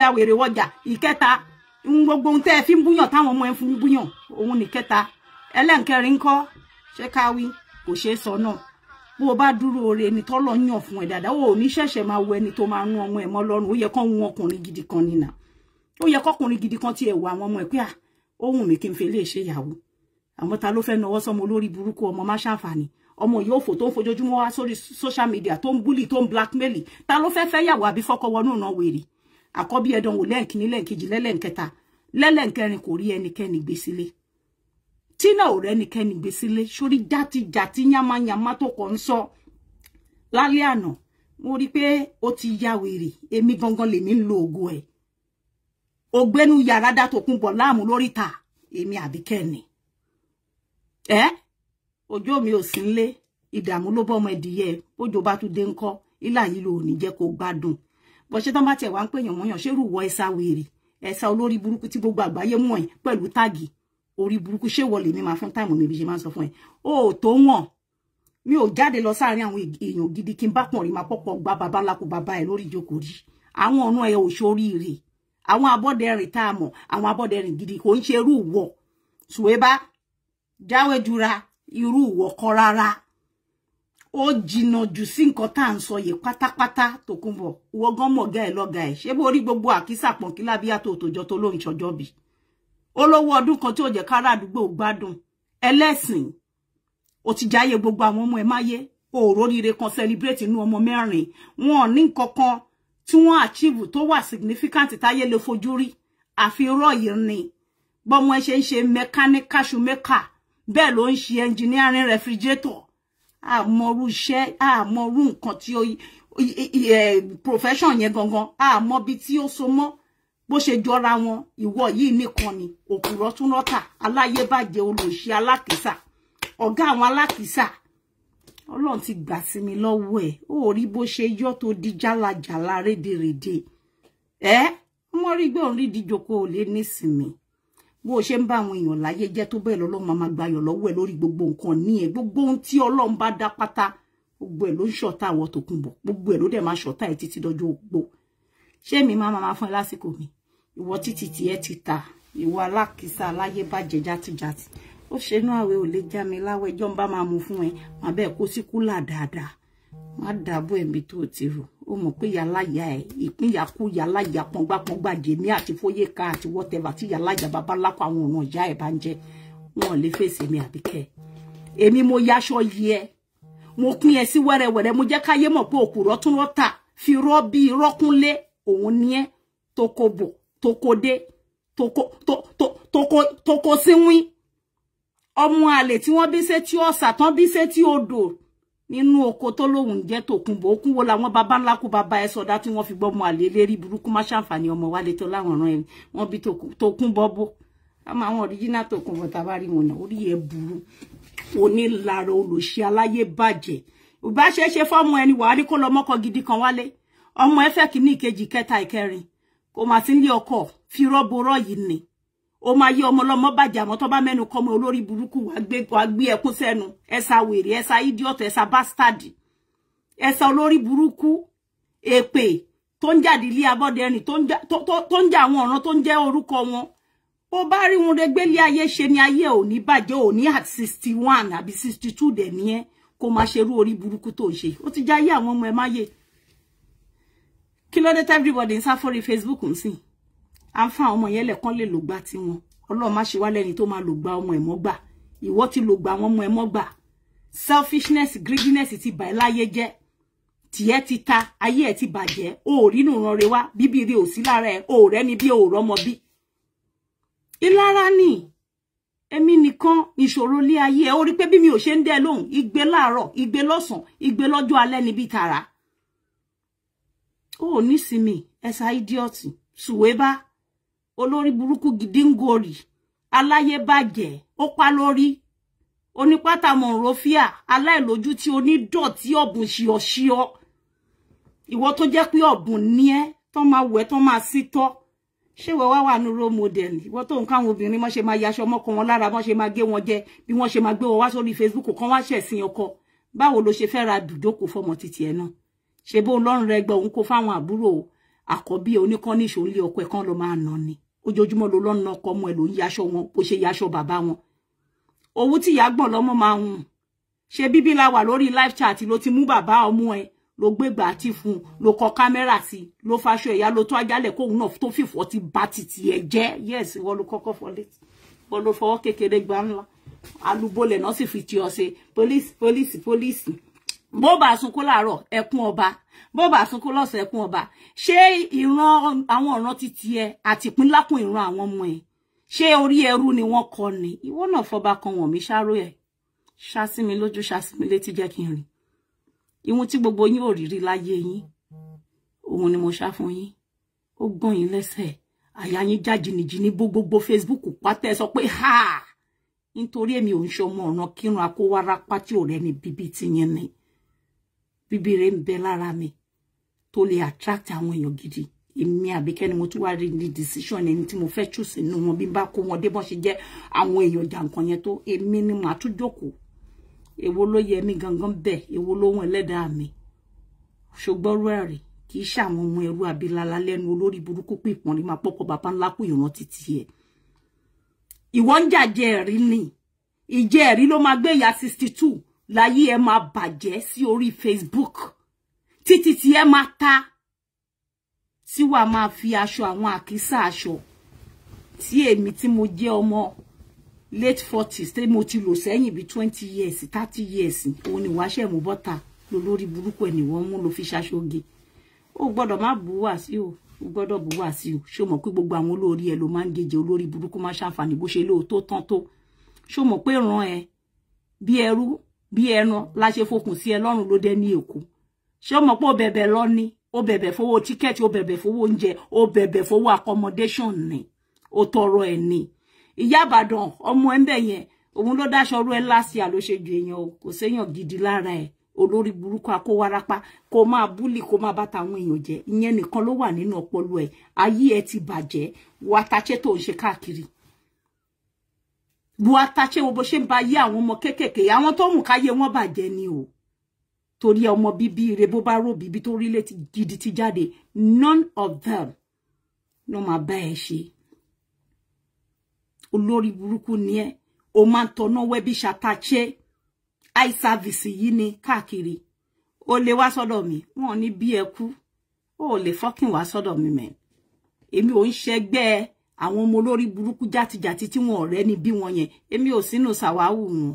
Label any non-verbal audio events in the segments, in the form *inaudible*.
ya wèrè wọjà ìkẹta gbogbo ohun tẹ́ ẹ fi ń búyàn táwọn ọmọ ẹ fi ń búyàn òun nìkẹta ẹlẹ́nkẹrin ńkọ́ ṣé káwí kò ṣeé sọ náà bó o bá dúró oore ni tọ́lọ́ yàn fún ẹ dáadáa o ní ṣẹ̀ṣẹ̀ máa wo ẹni tó máa rún ọmọ ẹ mọ́ lọ́rùn ó yẹ kán wun ọkùnrin gidi kan nìyà ó yẹ kọkùnrin gidi kan tiẹ̀ wọ àwọn ọmọ ẹ pé à ó wùn mí kí n fi lè ṣe ìyàwó àmọ́ ta ló fẹ́ nawọ́ sọmọ olórí burúkú ọmọ má ṣàǹfààní ọmọ yóò fò tó ń fojoojúmọ́ wá sórí social media tó ń búlì tó ń blackmail ta ló fẹ́ fẹ́ yàwó àbí fọ́kọ wọnú ọ̀nà wèrè àkọ́bí ẹ̀dán wò lẹ́ǹkíní lẹ́ǹkejì lẹ́lẹ́ǹkẹta lẹ́lẹ́ǹkẹrin kò rí ẹnikẹ́ni gbé sílé tínà ò rẹ́nikẹ́ni gbé sílé sórí játijàti nyama nyama kọ́ ń sọ lálẹ́ àná mo rí i pé ó ti ya wèrè èmi gangan lèmi ń lo ògo ẹ̀ ògbénu yàrá dátò kún bọ̀ láàmú lóríta èmi àbíkẹ́ni ẹ́ ọjọ́ mi ò sí nílé ìdààmú ló bọ́ ọmọ ẹ̀dìyẹ bójò bá tún dé ńkọ́ ìlà yìí ló ò ní jẹ́ kó gbádùn bó ṣe tán bá tiẹ̀ wá ń pè yàn mọ́yàn ṣé rúwọ́ ẹ̀sà wèrè ẹ̀sà olórí burúkú tí gbogbo àgbáyé mọ̀ ẹ́ pẹ̀lú táàgì orí burúkú ṣé wọlé mi máa fún táìmù mi bí ṣe máa ń sọ fún ẹ o tó wọn mi ò jáde lọ sáàrin àwọn èèyàn gidi kí n bá pọ̀n rí máa pọ̀pọ̀ gba bàbá lákò bàbá ẹ lórí ìjókòó rí àwọn ọ̀nà ẹ ò ṣoríire àwọn abọ́dẹrìn tá a mọ̀ àwọn abọ́dẹrìn gidi kò ń ṣe irú ìwọ ṣùwébá jáwé jura irú ìwọ kọ́ rárá ó jìnnà jù sí nǹkan tá à to sọ yìí pátápátá Tòkunbọ̀ wọ gán mọ̀gá ẹ̀ lọ́gá ẹ̀ ṣé bó rí gbogbo àkísà pọ̀nkí lábíyá tó tòjọ́ tó lóun ṣọjọ́ bì olówó ọdún kan tí ò jẹ́ kára àdúgbò gbádùn ẹlẹ́sìn ó ti jáyé gbogbo àwọn ọmọ ẹ̀ máyé òróríire kan celebrate inú ọmọ mẹ́rin wọn ò ní nǹkan kan tí wọ́n achieve tó wà significant táyé lè fojú rí àfi rọ́ yìí ni bọ́mọ ẹ mechanical shoemaker bẹ́ẹ̀ ló ń ṣe engineering refrigerator àmọrú iṣẹ́ àmọrú nǹkan tí ó profession yẹn gangan àmọ́ bí tí ó so mọ́ bó ṣe jọra wọn ìwọ yìí nìkan ni òkúrọ tún rọta aláyébàjẹ́ olùṣe alákìsà ọ̀gá àwọn alákìsà Ọlọ́run ti gbà sí mi lọ́wọ́ ẹ̀ ó rí bó ṣe yọ tó di jálajàla rédèrèdè ẹ ọmọ rí gbé òun rí díjoko ò lè nísìmí bó o ṣe ń bá àwọn èèyàn láyé jẹ́ tó bẹ́ẹ̀ lọ́lọ́run máa gba ayọ̀ lọ́wọ́ ẹ̀ lórí gbogbo nǹkan ní ẹ̀ gbogbo ohun tí ọlọ́run bá dá pátá gbogbo ẹ̀ ló ń ṣọ̀tá àwọn Tòkunbọ̀ gbogbo ẹ̀ ló dẹ̀ máa ṣọ̀tá ẹ̀ títí dọjọ́ ogbó ṣé mi máa máa fún ẹ lásìkò mi ìwọ títí tiẹ̀ ti ta ìwọ alákìísà aláyé bàjẹ́ játijàti ó ṣe inú àwẹ̀ ò lè já mi láwẹ̀ ẹjọ́ ń bá máa mu fún ẹ màá bẹ́ẹ̀ kó sí kúlà dáadáa má dàbò ẹ̀mí tó ti rò ó mọ̀ pé yàláyà ẹ̀ ìpínyàkú yàláyà pọ̀ngbàpọ̀ngbà jèmí àti fóyèká àti wọ́tẹ́bà tí yàláyà babaláko àwọn ọ̀nà ìyá ẹ̀ bá ń jẹ́ wọn lè fèsì mi àbíkẹ́ èmi mo yaṣọ yí ẹ mo pín ẹ sí wẹ́rẹ́wẹ́rẹ́ mo jẹ́ káyé mọ̀ pé òkùrọ́ tún rọ́ tà fi rọ́ bí irọ́ kúnlé òun ní ẹ tó bò tó dé tó kó síwín ọmọ àlè tí wọ́n bí sétí ọ̀sà tán bí sétí odò nínú oko tó lóun jẹ́ tòkunbọ̀ okun wo làwọn baba ńlá kú baba ẹ sọdá tí wọ́n fi gbọ́mọ àlè lérí burúkú má ṣàǹfààní ọmọ wálé tó láwọn ràn ẹni wọ́n bí tòkunbọ̀ bó àmọ́ àwọn ọ̀ríjínà tòkunbọ̀ tá a bá rí wọn náà orí ẹ burú onílara olùṣe aláyé bàjẹ́ ìbá ṣe é ṣe fọ́mọ ẹni wàá rí kó lọ mọ́kọ gidi kan wálé ọmọ ẹ kìíní ìkejì kẹta ìkẹrin kò mà sí ilé ọkọ fi rọ́bọrọ́ yìí ni ó omo yé ọmọ ọlọ́mọ bàjẹ́ àmọ́ tó bá mẹ́nu kọ́ ọmọ olórí burúkú wàá gbé ẹkún sẹ́nu ẹ̀sà wèrè ẹ̀sà idiot ẹ̀sà bastard ẹ̀sà olórí burúkú èpè tó ń jáde ilé abọ́dẹrìn tó ń jà àwọn ọ̀ràn tó ń jẹ́ o wọn ó bá rí wọn rẹgbẹ́lé ayé ṣe ni ayé ò ní bàjẹ́ ò ní at sixty one àbí sixty two dẹ̀ nìyẹn kó máa ṣerú orí burúkú tó ń ṣe ó ti jáyé àwọn ọmọ ẹ máyé kí ló dé everybody ń sá Facebook ń à ń fa àwọn ọmọ yẹn lẹ́ẹ̀kan lè lò gba tiwọn ọlọ́run má ṣe wá lẹ́ni tó máa gba ọmọ ẹ̀ mọ́ gbà ìwọ ti lò gba àwọn ọmọ ẹ̀ mọ́ gbà selfishness greediness ti bà ẹ́ láyé jẹ́ tìẹ́ ti ta ayé ẹ̀ ti bàjẹ́ o ò rínú ran re wá bíbí ire ò sí lára ẹ̀ o ò rẹ́ni bí o ò rọ́mọ bí ìlara ni èmi nìkan ìṣòro lé ayé ẹ ó rí pé mi ò ṣe ń dẹ igbe láàárọ̀ igbe lọ́sàn igbe lọ́jọ́ alẹ́ níbi tààrà ó nísìmí ẹsà idiọtì sùwé bá olórí burúkú gidi ń gorì aláyébàjẹ́ ó pa lórí onípátàmọ̀rọ̀fíà aláìlójú tí onídọ̀tí ọ̀bùn ṣíọṣíọ ìwọ tó jẹ́ pé ọ̀bùn ní ẹ́ tán máa wẹ̀ tán máa sí tọ́ ṣé ìwọ wá wà ní role model ìwọ tó ń káwọn obìnrin mọ́ ṣe máa yaṣọ ọmọkọ wọn lára bọ́n ṣe máa gé wọn jẹ bí wọ́n ṣe máa gbé wọn wá sórí Facebook kan wá ṣẹ̀sìn ọkọ báwo lo ṣe fẹ́ ra dùdókò fọmọ títì ẹ̀ náà ṣe bó lọ́rùn rẹ gbọ́ òun kó fáwọn àbúrò àkọ́bí oníkan ń lé ọkọ ẹ̀ kan máa nà ni ojoojúmọ́ ló lọ́nà ọkọ ọmọ ẹ̀ ló ń yaṣọ wọn bó ṣe yaṣọ bàbá wọn owó tí ìyá gbọ̀n lọ́mọ máa hùn ṣe bíbí la wà lórí live chat ló ti mú bàbá ọmọ ẹ̀ ló gbégbà àti fún ló kọ kámẹ́rà sí ló faṣọ ẹ̀yà ló tó ajálẹ̀ kóun náà tó fìfọ́ ti ba títì ẹ̀ jẹ́ yes wọ́n ló kọ́kọ́ fọlé wọ́n ló fọwọ́ kékeré gbá ńlá alúbọ̀lẹ̀ náà sì fi ti ọ ṣe pólísì pólísì pólísì bó bá sunkún láàárọ̀ ẹkún ọba bó bá sunkún lọ́sàn ẹkún ọba ṣé ìran àwọn ọ̀ràn ti tiẹ̀ àtìpínlákùn ìran àwọn ọmọ ẹ̀ ṣé orí ẹrú ni wọ́n kọ ni ìwọ náà fọba kan wọn mi ṣáró ẹ ṣásí mi lójú ṣásí mi létí jẹ́ kí n rìn ìwọn tí gbogbo yín ò rírí láyé yín òun ni mo ṣá fún yín ó gbọ́n yín lẹ́sẹ̀ àyà yín jájìnìjì ní gbogbogbò Facebook pátẹ sọ pé ha nítorí èmi ò ń ṣọmọ ọ̀ràn kírun akówárá pátí ò rẹ ní bíbí tiyín ni. Bibi, bíbí rẹ̀ ń bẹ lára mi tó lè attract àwọn èèyàn gidi èmi àbíkẹ́ ni mo tún wá rí ní decision ẹni tí mo fẹ́ choose nínú wọn bí n bá kó wọn dé bọ́n ṣe jẹ́ àwọn èèyàn jàǹkan yẹn tó èmi ni màá tún jókòó èwo ló yẹ mí gangan bẹ́ẹ̀ èwo ló wọn ẹlẹ́dàá mi ṣùgbọ́n rú ẹ̀rì kì í ṣàwọn ọmọ ẹrú abilala lẹ́nu olórí burúkú pé ìpọ́nrí máa pọ́kọ́ bàbá ńlá kù ìrántí tiẹ̀ ìwọ́n ń jàjẹ́ ẹ̀rí ni ìjẹ́ ẹ̀rí ló máa gbé ìyá sixty two láyé ẹ máa bàjẹ́ sí orí Facebook títí tí ẹ máa ta tí wàá máa fi aṣọ àwọn àkísà aṣọ tí èmi tí mo jẹ́ ọmọ late forties tí mo ti lò sẹ́yìn bíi twenty years thirty years òun ni wàá ṣẹ̀mú bọ́ta lólórí burúkú ẹ̀ ni wọ́n mú lọ fi ṣaṣoge ó gbọ́dọ̀ má bú wá sí o ó gbọ́dọ̀ bú wá sí o ṣé o mọ̀ pé gbogbo àwọn olórí ẹ ló máa ń gèjè olórí burúkú máa ṣàǹfààní bó ṣe lóòótọ́ tán tó ṣé o mọ̀ pé ràn ẹ bí ẹrú bí ẹran la ṣe fokùn sí ẹ lọ́rùn ló dé ní èkó ṣé o mọ̀ pé o bẹ̀bẹ̀ lọ ni o bẹ̀bẹ̀ fowó tíkẹ́ẹ̀tì o bẹ̀bẹ̀ fowó oúnjẹ o bẹ̀bẹ̀ fowó accommodation ni o tọrọ ẹ̀ ni ìyá àbàdàn ọmọ ẹ̀ ń bẹ̀ yẹn òun ló dáṣọ ọrú ẹ last year èèyàn o kò séèyàn gidi lára ẹ olórí burúkú akówárápá kó máa búlì kó máa bá tàwọn èèyàn jẹ ìyẹn nìkan ló wà nínú ọpọlọ ẹ ayé ẹ ti bàjẹ́ wàtàṣẹ tó ń ṣe káàkiri buatache wo bó ṣe ń ba ayé àwọn ọmọ kéékèèké àwọn tó hùn káyé wọn bàjẹ́ ni o torí ọmọ bíbí rẹ̀ bó bá rò bíbí tó rí létí gidi ti jáde none of them no ma bá ẹ ṣe olórí burúkú ni ẹ o máa ń tọná wẹbí ṣàtàṣe eye service yìí ni káàkiri o lè wá sọ́dọ̀ mi wọn ní bí ẹ o le fucking wá sọ́dọ̀ mi mẹ èmi ò ń ṣẹgbẹ́ ẹ àwọn ọmọ olórí burúkú játijàti tí wọn ọ̀rẹ́ ni bí wọn yẹn èmi ò sínú ṣàwáwù wọn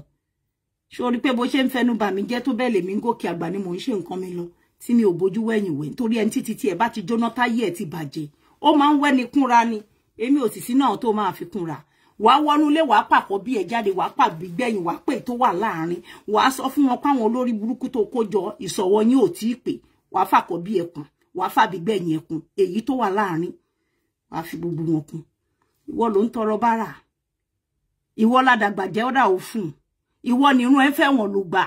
ṣorí pé bó ṣe ń fẹnu bà mí jẹ́ tó bẹ́ẹ̀ lèmi ń gòkè àgbà ni mò ń ṣe nǹkan mi lọ tí mi ò bójú wẹ̀yìn wẹ̀ nítorí ẹni títí tí ẹ bá ti jóná táyé ẹ ti bàjẹ́ ó máa ń wẹ́ni kúnra ni èmi ò sì sínú àwọn tó máa fi kúnra wàá wọnú ilé wàá pàkọ́ bí ẹ jáde wàá pàbí gbẹ̀yìn wàá pè tó wà láàrin wàá sọ fún wọn páwọn olórí burúkú tó kó jọ yín ò tí ì pè wàá fàkọ́ bí ẹkùn wàá fàbí gbẹ̀yìn ẹkùn èyí tó wà láàrin wàá fi gbogbo wọn kún ìwọ ló ń tọrọ bára ìwọ ládàgbà jẹ́ ọ̀dà òfin ìwọ ni irun ẹ fẹ́ wọn ló gbà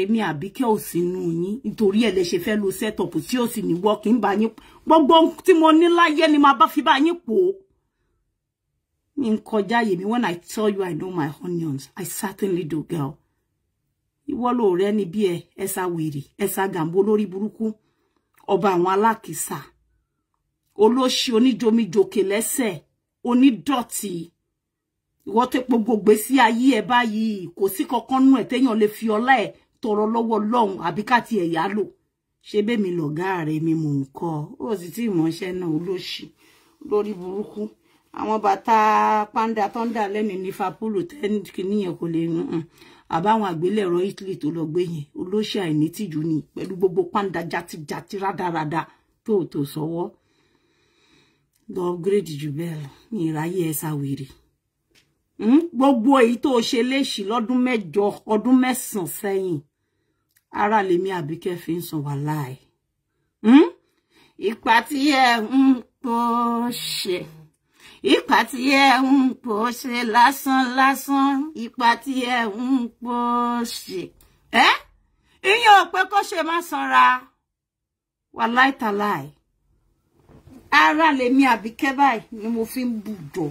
èmi àbíkẹ́ ò sínú yín nítorí ẹ̀ lè ṣe fẹ́ lo setup tí ó sì ní wọ́ọ̀kì ń bá yín gbogbo tí mo ní láyé ni màá bá fi bá yín pò ó. mi ń kọjá yèmí when I tell you I know my onions I certainly do girl. ìwọ ló rẹ ni bí ẹ ẹsà wèrè ẹsà gàmbó lórí burúkú ọba àwọn alákìsà olóṣì oníjomijoke lẹ́sẹ̀ onídọ̀tí ìwọ tó gbogbo gbèsè ayé ẹ báyìí kò sí kankan nú ẹ téèyàn lè fi ọlá ẹ tọrọ lọ́wọ́ Ọlọ́run àbí ká ti ẹyà lò ṣe bẹmí lọgá rẹ mi mò ń kọ ó sì tí ìmọ̀ọ́ṣẹ́ náà olóṣì lórí burúkú àwọn bàtà panda tó ń dà lẹ́nu ní fapolo tẹ́nìkìníyàn kò lè rún àbáwọn àgbélẹ̀rọ Italy tó lọ gbé yẹn olóṣì àìnítìjú ni pẹ̀lú gbogbo panda játijáti rádaràda tó tó sọ́wọ́. So lọ upgrade jù bẹ́ẹ̀ lọ ní ìráyè ẹ̀sà wèrè hmm? gbogbo èyí tó o ṣe léṣì lọ́dún mẹ́jọ ọdún mẹ́sàn-án sẹ́yìn ara lèmi àbíkẹ́ fi ń sùn wà láì ipa hmm? tí ẹ ń pò ṣe ipa tí ẹ ń pò ṣe lásán lásán ipa tí ẹ ń pò ṣe ẹ ìyẹn ò pé kó ṣe má sanra wà láìta láì ara lèmi Àbíkẹ́ báyìí ni mo fi ń bùdọ̀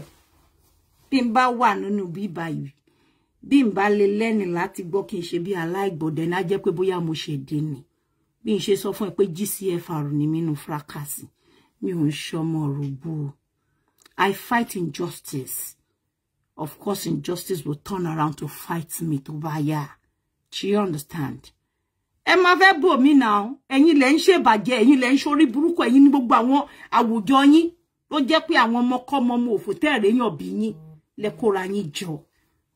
bí n bá wà nínú bíbá yìí bí n bá lè lẹ́nì láti gbọ́ kí n ṣe bí aláìgbọ̀dẹ̀ náà jẹ́ pé bóyá mo ṣe dé ni bí n ṣe sọ fún ẹ pé GCFR ni mí nínú fracasi mi ò ń ṣọmọ òrùbó I fight injustice of course injustice will turn around to fight me tó bá yá do you understand? ẹ máa fẹ́ bò mí náà ẹ̀yin lẹ ń ṣèbàjẹ́ ẹ̀yin lẹ ń ṣorí burúkú ẹ̀yin ní gbogbo àwọn àwùjọ yín ló jẹ́ pé àwọn ọmọkọ́mọ ọmọ òfò tẹ́ẹ̀rẹ́ yàn bí yín lẹ yín jọ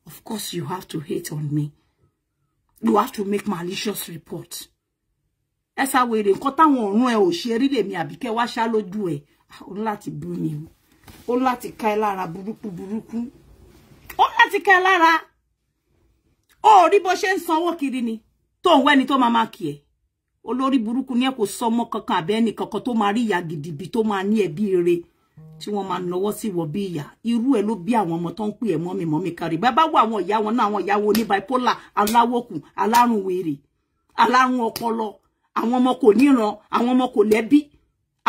of course you have to hate on me you have to make malicious report ẹ ṣàwèrè nǹkan táwọn ọ̀run ẹ ò ṣe rí lèmi àbíkẹ́ wá ṣá lójú ẹ ah, ó láti bú mi o ó láti ká ẹ lára burúkú burúkú ó láti ká ẹ lára ó rí bó ṣe ń sanwó kiri ni tó ń wẹ́ni tó máa máa kì ẹ́ olórí burúkú ní ẹ kò sọ ọmọ kankan àbẹ́ ẹnì kankan tó máa rí ìyá gidi bí tó máa ní ẹbí rere tí wọ́n máa nọwọ́ sí wọ bí ìyá irú ẹ̀ ló bí àwọn ọmọ tó ń pè ẹ́ mọ́mì mọ́mì kárí bàbá wo àwọn ìyá wọn náà àwọn ìyá wo ní bipolar aláwòkù alárùn wèrè alárùn ọpọlọ àwọn ọmọ kò níran àwọn ọmọ kò lẹ́bí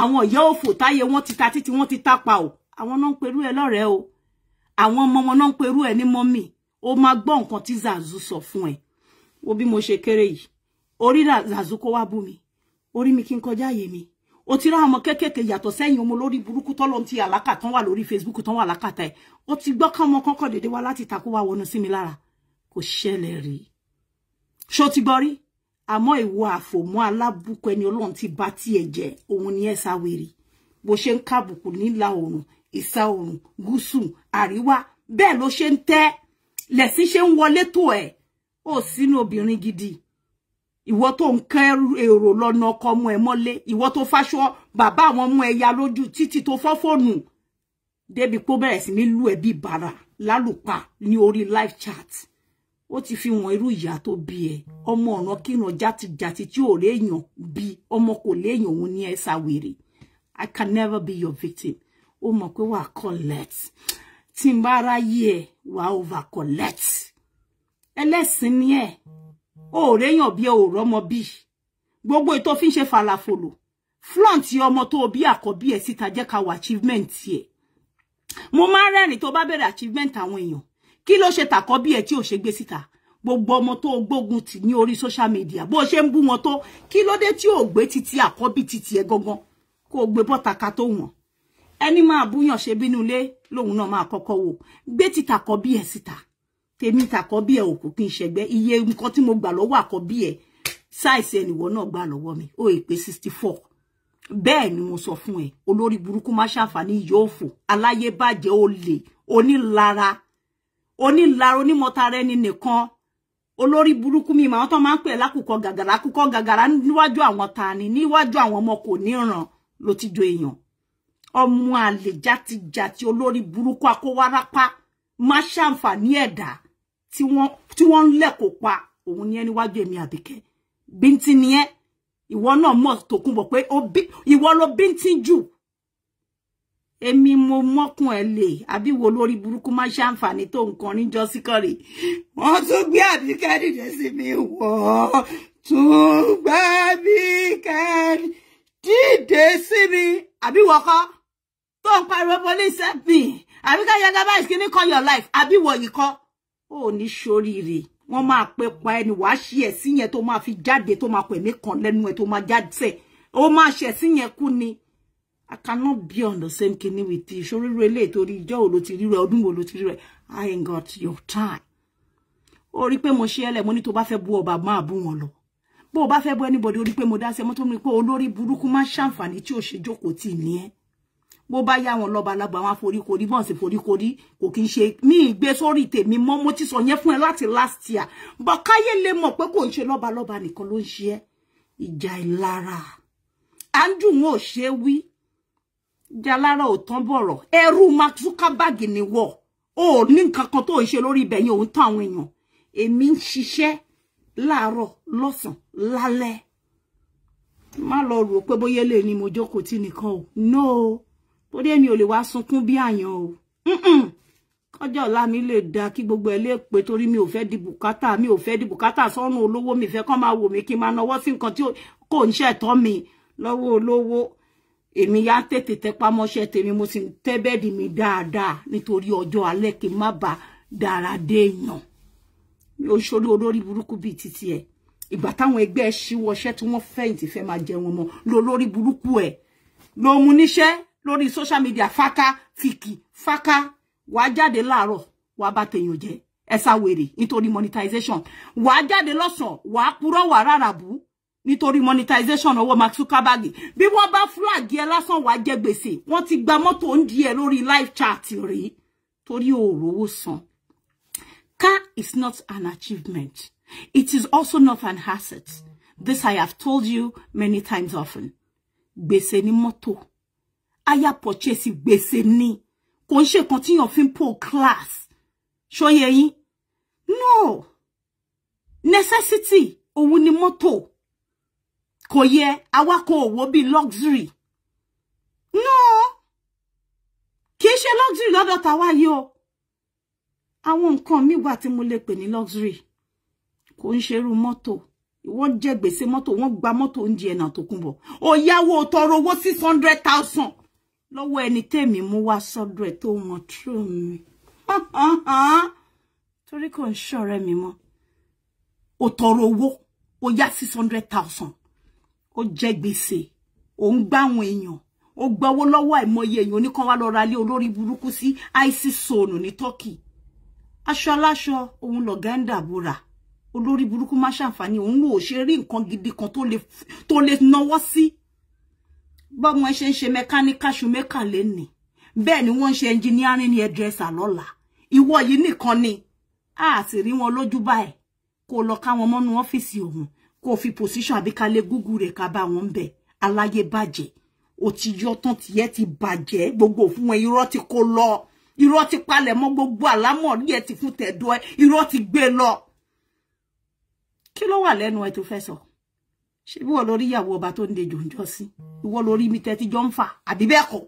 àwọn ìyá òfò táyé wọn ti ta títí wọn ti ta o àwọn náà ń perú ẹ o àwọn ọmọ wọn náà ń perú ẹ ní o máa gbọ́ nǹkan tí zazu sọ fún ẹ wo bí mo ṣe kéré yìí orí zazuko wá bú mi orí mi kí n kọjá àyè mi o ti rá ọmọ kéékèèké yàtọ̀ sẹ́yìn ọmọ lórí burúkú tọ́lọ́m ti àlákà tán wà lórí facebook tán wà lákàtà ẹ̀ o ti gbọ́ káwọn kọ́kọ́ dédé wá láti takó wá wọnú sí mi lára kò ṣẹlẹ̀ rí ṣó ti gbọ́ rí àmọ́ ìwọ àfòmọ́ alábùkù ẹni ọlọ́run ti bá tiẹ̀ jẹ́ òun ni ẹ̀ sáwèrè bó ṣe ń kábùkù nílà oòrùn ìsà oòrùn gúúsù àríwá bẹ́ẹ̀ ló ṣe ń tẹ́ lẹ̀sìn ṣe ń wọlé tó ó sínú obìnrin gidi ìwọ tó ń kán èrò lọ́nà ọkọ ọmọ ẹ mọ́lé ìwọ tó fáṣọ bàbá àwọn ọmọ ẹ̀yà lójú títí tó fọ́ fóònù débi pé ó bẹ̀rẹ̀ sí ní lù ẹ́ bí bàrà live chat ó ti fi wọn irú ìyá tó bí ẹ ọmọ ọ̀ràn kíran játijàti tí ò léèyàn bí ọmọ kò léèyàn òun ní ẹ ṣàwèrè I can never be your victim ó mọ̀ pé wàá collect tí n bá ráyè over collect ẹlẹ́sìn ni ẹ̀ o ò réyàn bí ẹ ò rọ́mọ gbogbo ètò fi ń ṣe falafolo flaunt ọmọ tó bí àkọ́bí ẹ̀ síta jẹ́ ká wà achievement ẹ̀ mo máa ń rẹ́rìn tó bá bẹ̀rẹ̀ achievement àwọn èèyàn kí ló ṣe tàkọ́bí ẹ̀ tí ò ṣe gbé síta gbogbo ọmọ tó gbógun tì ní orí social media bó ṣe ń bú wọn tó kí ló dé tí ò gbé títí àkọ́bí títí ẹ̀ gangan kó o gbé bọ́ta ka tó wọ̀n ẹni máa búyàn ṣe bínú ilé lòun náà máa kọ́kọ́ wò gbé títà kọ́bí ẹ̀ síta tèmi tàkọ́bí ẹ̀ òkú kí n ṣẹgbẹ́ iye nǹkan tí mo gbà lọ́wọ́ àkọ́bí ẹ̀ ṣáìsì ẹnìwọ náà gbà lọ́wọ́ mi o èpè sixty four bẹ́ẹ̀ ni mo sọ fún ẹ olórí burúkú má ṣàǹfààní yóò fò aláyébàjẹ́ olè onílara onílara onímọ̀tara ẹni nìkan olórí burúkú mi màá tán máa ń pè lákùkọ gàgàrà àkùkọ gàgàrà níwájú àwọn tani níwájú àwọn ọmọ kò níran ló ti do èèyàn ọmọ àlè játijàti olórí burúkú akówárápá má ṣàǹfààní ẹ̀dá tí wọ́n tí wọ́n lẹ́kọ̀ọ́ pa òun ni ẹni wájú èmi àbíkẹ́ bíntín ni ẹ́ ìwọ náà mọ̀ tòkunbọ̀ pé ìwọ ló bíntín jù èmi mo mọ́kùn ẹ̀ lè àbí wo lórí burúkú má ṣàǹfààní tó nǹkan níjọ́ síkọ̀rì wọ́n tún gbé àbíkẹ́ dìde sí mi wọ́ tún gbé àbíkẹ́ dìde sí mi àbí wọ́kọ́ tó ń pariwo police help eh, me hmm. àbíkẹ́ yẹn gábàáyé kí ní call your life àbí wọ̀nyí kọ́ ò ní ṣoríire wọ́n máa pẹ́ pa ẹni wàá ṣí ẹ̀ sí yẹn tó máa fi jáde tó máa kan lẹ́nu ẹ̀ tó máa jáde ó máa ṣẹ̀ sí yẹn ni I cannot be on the same kidney with you ṣoríire eléyìí torí ìjọ́ wo ló ti rí rẹ ọdún wo ti rí I ain't got your time ó rí pé mo ṣe ẹlẹ̀ mo ní tó bá fẹ́ bú ọba máa bú wọn lọ bó o bá fẹ́ anybody ó rí pé mo dá sí ẹ mọ́ tó ní pé olórí burúkú má ṣàǹfààní tí ò ṣe jókòó tì ní ẹ́ bó bá yá wọn lọ́ba alágbà wọn àforíkorí bọ́n sì foríkorí kò kí n ṣe mí ìgbé sórí tèmi mọ́ mo ti sọ yẹn fún ẹ láti last year bọ́ káyé lè mọ̀ pé kò ń ṣe lọ́ba lọ́ba nìkan ló ń ṣe ẹ́ ìjà ìlara andrew wọn ò ṣe wí jalára ò tán bọ̀rọ̀ ẹrú mark zuckerberg ni wọ̀ ò ní nǹkan kan tó ń ṣe lórí ibẹ̀ yẹn òun tán àwọn èèyàn èmi ń ṣiṣẹ́ láàárọ̀ lọ́sàn lálẹ́ má lọ rò pé bóyá lè ní mo jókòó tí nìkan o no torí èmi ò lè wá sunkún bí àyàn o kọjá ọ̀la mi lè da kí gbogbo ẹ lè pé torí mi ò fẹ́ di bùkátà mi ò fẹ́ di bùkátà sọ́run olówó mi fẹ́ kán máa wò mí kí n máa nawọ́ sí nǹkan tí kò ń ṣẹ̀tọ́ mi lọ́wọ́ olówó èmi yá tètè tẹpá tèmi mo sì ń tẹ́bẹ́ẹ̀dì mi dáadáa nítorí ọjọ́ alẹ́ kí n má ba dára dé èèyàn mi ò ṣorí olórí burúkú bíi títí ẹ̀ ìgbà táwọn ẹgbẹ́ ṣíwọ́ṣẹ́ tí wọ́n fẹ̀yìntì fẹ́ máa jẹun ọmọ lólórí burúkú ẹ̀ ló mú lórí social media faka fiki, faka wàá jáde láàárọ̀ wàá bá tèèyàn jẹ ẹsà wèrè nítorí monetization wàá jáde lọ́sàn wàá purọ́ wàá ráràbù nítorí monetization ọwọ́ Mark Zuckerberg bí wọ́n bá flag ẹ lásán wàá jẹ gbèsè wọ́n ti gba mọ́tò oúnjẹ ẹ lórí live chat rí torí òòrówó san car is not an achievement it is also not an asset this I have told you many times often gbèsè ni mọ́tò aya purchase gbèsè ni kò ń ṣe kan tí yàn fi ń pò class ṣọyẹ yín no necessity òun ni mọ́tò kò yẹ awakọ̀ òwò bíi luxury no kì í luxury lọ́dọ̀ tàwa yìí o àwọn nǹkan mi wà tí mo lè pè ní luxury kò ń ṣerú mọ́tò wọ́n jẹ gbèsè mọ́tò wọ́n gba mọ́tò oúnjẹ ẹ̀nà tó kún bọ̀ ó yáwó tọrọ owó lọ́wọ́ ẹni tèmi mú wá sọ́dọ̀ ẹ̀ tó wọn tró mi *laughs* torí kò ń ṣọ̀rẹ́ mi mọ́ ó tọrọ owó ó yá six hundred thousand ó jẹ gbèsè ó ń gbáwọn èèyàn ó gbọ́wọ́ lọ́wọ́ àìmọye èèyàn oníkan wá lọ ra lé olórí burúkú sí isis zone ní turkey aṣọ aláṣọ òun lọ̀gá ń dàbúrà olórí burúkú má ṣàǹfààní òun ló ṣe rí nǹkan gidi kan tó lè náwó sí. Si bọ́mọ ẹ ṣe ń ṣe mẹkáníkà ṣùmẹ́kà lẹ́nìí bẹ́ẹ̀ ni wọ́n ń ṣe ẹnjìníárìn ní ẹ̀dírẹ́sà lọ́la ìwọ yìí nìkan ni a sì rí wọn lójú báyìí kó lọ ká wọn mọ́nú ọ́fíìsì òun kó fi pòsíṣàn àbí ká lé gúgú rẹ̀ ká bá wọn bẹ̀ aláyé bàjẹ́ òtijọ́ tán tiẹ̀ ti bàjẹ́ gbogbo fún wọn irọ́ ti kó lọ irọ́ ti palẹ̀ mọ́ gbogbo àlámọ̀ ní ẹ ti fún tẹ̀dọ́ ẹ irọ́ ti gbé lọ kí ló wà lẹ́nu ẹ tó fẹ́ So? ṣé bí wọ́n lórí ìyàwó ọba tó ń de jòǹjọ́ sí ìwọ lórí mi tẹ́tí jọ ń fà àbí bẹ́ẹ̀ kọ́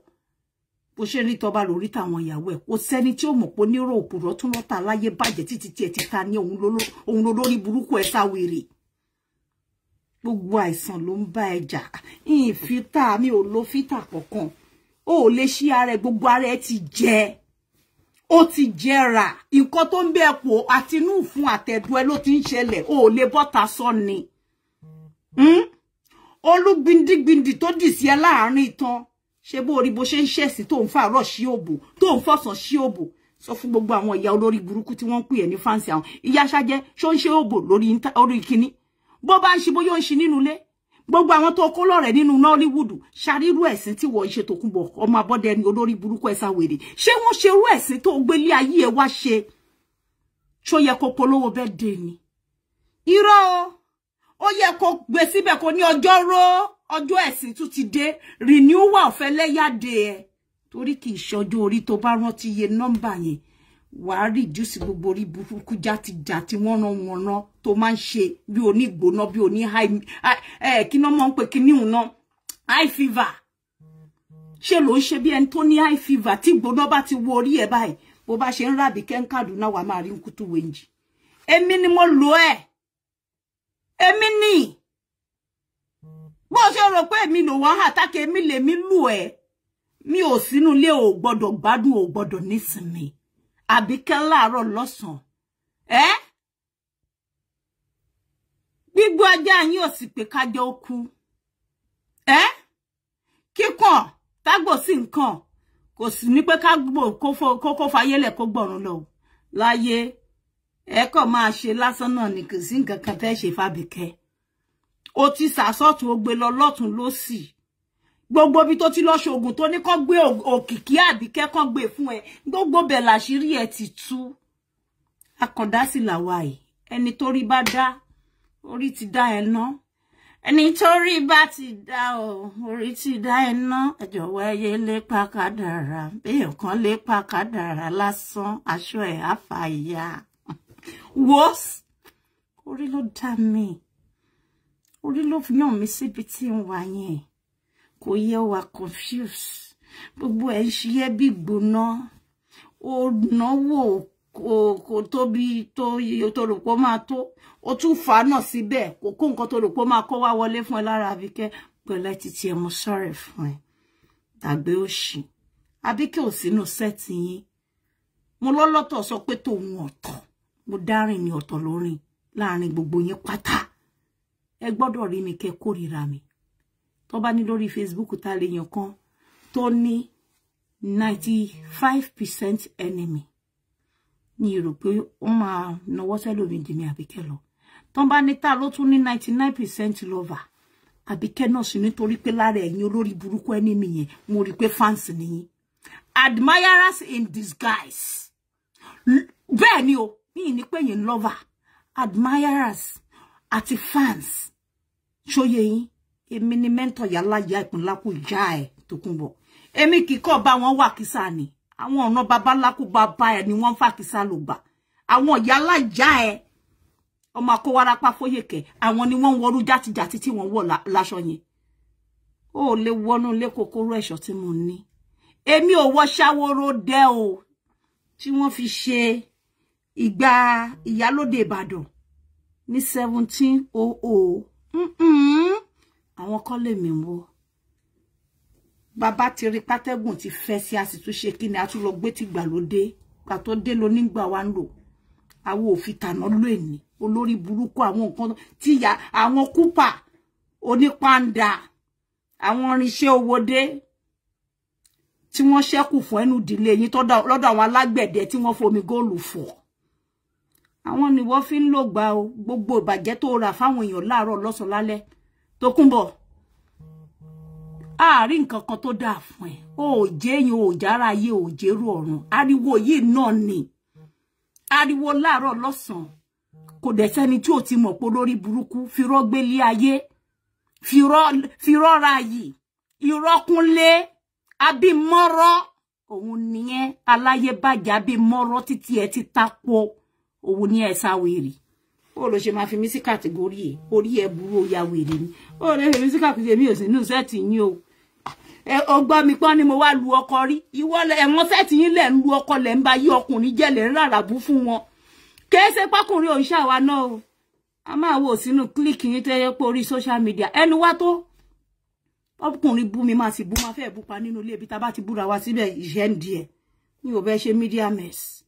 bó ṣe rí tọba lórí táwọn ìyàwó ẹ̀ kò sẹ́ni tí ó mọ̀ pé onírò òpùrọ̀ tún lọ́ta láyé bàjẹ́ títí tiẹ̀ ti ta ní òun lólórí burúkú ẹ̀ sáwèrè gbogbo àìsàn ló ń bá ẹ jà ìfítà mi ò lo fítà kankan ó lè ṣí ara ẹ gbogbo ara ẹ ti jẹ ó ti jẹrà nǹkan tó ń bẹ pò àtinú fún àtẹ̀dù ẹ ló ti ń ṣẹlẹ̀ ó lè bọ́ta sọ Hmm? olúgbindígbindì tó dì sí ẹ láàrin itan ṣe bó orí bó ṣe ń ṣẹ̀sì tó ń fàárọ̀ sí òbò tó ń fọ̀sán sí òbò sọ fún gbogbo àwọn ìyá olórí burúkú tí wọ́n ń pè ẹ́ ní fáǹsì àwọn ìyá ṣájẹ́ ṣó ń ṣe òbò lórí kínní bó bá ń ṣe bóyá ó ń ṣe nínú ilé gbogbo àwọn tó kó lọ́rẹ̀ nínú Nollywood ṣàrírú ẹ̀sìn tí wọ́n ṣe Tòkunbọ̀ ọmọ abọ́dẹ ni olórí burúkú ẹ̀sà wèrè ṣé wọ́n ṣe irú ẹ̀sìn tó gbélé ayé ẹ wá ṣe ṣó yẹ kó polówó bẹ́ẹ̀ dé ni irọ́ o ó yẹ kó gbé síbẹ̀ kó ní ọjọ́rò ọjọ́ ẹ̀sìn tún ti dé renewal ọ̀fẹ́ lẹ́yàdé ẹ̀ torí kì í ṣọjọ́ orí tó bá rántí iye nọ́mbà yẹn wàá rìdíùsì gbogbo orí burúkú játijàti wọ́n ran wọn ran tó máa ń ṣe bí onígbóná bí oní kí náà máa ń pè kíní òun náà high fever ṣe ló ń ṣe bí ẹni tó ní high fever tí gbóná bá ti wo orí ẹ̀ báyìí bó bá ṣe ń ràbí kẹ́ńkàdùn náà wàá máa rí nkútù wẹ̀ǹjì èmi ni mo lò ẹ́ Emi ni bó ṣe rò pé Emi ló wá àtàkì èmi lèmi lù ẹ mi o sínú ilé gbọdọ gbọ́dọ̀ gbádùn ò gbọ́dọ̀ nísinmi Àbíkẹ́ ẹ gbígbó ajá yín ò sì pé kájọ ó kú ẹ kíkàn ẹ kọ̀ máa ṣe lásán náà ni kò sí nǹkan kan tẹ́ ṣe fàbíkẹ́ o ti sàsọ́tún o gbé lọ lọ́tún lọ́sì gbogbo ibi tó ti lọ ṣoògùn tó ní kó gbé òkìkí àbíkẹ́ kó gbé fún ẹ gbogbo bẹ̀ làṣírí ẹ ti tú akọ̀dá sì làwa yìí ẹni tó rí bá dá orí ti dá ẹ ná ẹni tó rí bá ti dá o orí ti dá ẹ ná ẹ jọ̀wọ́ ẹyẹ lépa kádàrá bí nǹkan lépa lásán aṣọ ẹ̀ àfàyà. Was? orí ló dá mi orí ló yàn mí síbi tí ń wà yẹn kò yẹ wà confuse gbogbo ẹ̀ ń ṣiyẹ́ bí O, ó náwó kò kò tóbi tó iye tó rò pé ó máa tó ó tún fà á náà síbẹ̀ kò kó nǹkan tó rò pé ó máa kó wá wọlé fún ẹ lára àbíkẹ́ pẹ̀lú ẹ títí ẹ mo sọ̀rọ̀ fún ẹ tàgbé òṣì àbíkẹ́ ò sínú sẹ́ẹ̀tì yín mo lọ́lọ́tọ̀ sọ pé tòun ọ̀tọ̀ mo dárìn ní ọ̀tọ̀ lórin láàrin gbogbo yín pátá ẹ gbọ́dọ̀ rí mi kẹ́ kórìíra mi tó bá ní lórí Facebook ta lè yàn kan tó ní ninety five percent enemy ní èrò pé ó máa nawọ́ sẹ́lòmí dèmi àbíkẹ́ lọ tó bá ní ta ló tún ní ninety nine percent lover àbíkẹ́ náà sì nítorí pé lára ẹ̀yin olórí burúkú enemy yẹn mo rí pé fans nìyí admirers in disguise bẹ́ẹ̀ ni o mi ní pé yín lover admirers ati fans ṣóyè yín èmi ni mentor yàrá ìyá ìpínlákù ìjà ẹ Tókunbọ̀ èmi kíkọ bá wọn wà kísà ni àwọn ọ̀nà babaláku bàbá ẹ ni wọ́n fà kísà ló gbà àwọn O ìjà ẹ ọmọ akọwarapa fóyèkẹ àwọn ni wọ́n ń wọrú játijàti tí wọ́n wọ̀ láṣọ yẹn ó lè wọnú ilé kòkòrò ẹ̀ṣọ́ tí mo ní èmi ò wọ ṣàwòrò dẹ o tí wọ́n fi ṣe ìgbà ìyálóde Ìbàdàn ni seventeen oh oh àwọn kọ́ lèmi ń wọ bàbá ti rí pátẹ́gùn ti fẹ́ si a sì tún ṣe kí ni a tún lọ gbé tìgbà ló dé gbà tó dé lo nígbà wa ń lò àwọn òfin tàná ló èní olórí burúkú àwọn nǹkan tíya àwọn kúpà onípàǹdà àwọn irinṣẹ́ owóde tí wọ́n ṣẹ́kù fún ẹnu ìdílé yín lọ́dọ̀ àwọn alágbẹ̀dẹ tí wọ́n fomi góòlù fọ̀ àwọn nìwọ fi ń lògbà o gbogbo ìbàjẹ́ tó rà fáwọn èèyàn láàárọ̀ lọ́sàn lálẹ́ tó kún bọ̀ àárín nǹkan kan tó dáa fún ẹ o ò jéèyàn o ò jára ayé o ò jérò ọ̀run ariwo yìí náà ni ariwo láàárọ̀ lọ́sàn kò dẹ̀ sẹ́ni tí ò ti mọ̀ pé lórí burúkú firọ́ gbélé ayé firọ́ ra yìí ìrọ́kúnlé abímọ́rọ́ òun nìyẹn aláyébàjẹ́ abímọ́rọ́ títí ẹ ti ta òun ní ẹ̀sà wèrè ó lọ ṣe máa fi mí sí kàtẹ́górí ẹ̀ orí ẹ̀ burú ó ya wèrè ni ó lè fi mí sí kàtẹ́górí èmi ò sí inú sẹ́ẹ̀tì yín o ó gbọ́ mi pọ́n ni mo wá lu ọkọ rí ìwọ ẹ̀wọ̀n sẹ́ẹ̀tì yín lẹ̀ ń lu ọkọ lẹ̀ ń ba yí ọkùnrin jẹ́ lẹ̀ ń ràràbù fún wọn kìí ṣe pákùnrin òun ṣàwa náà o a máa wo sínú kílíkì yín tẹ́yẹ́ pé orí social media ẹnu wá tó ọkùnrin bú mi máa sì bú máa fẹ́ bú pa nínú ilé ibi tá a bá ti búra wa síbẹ̀ ìṣẹ́ ń di ẹ̀ mi ò ṣe media mess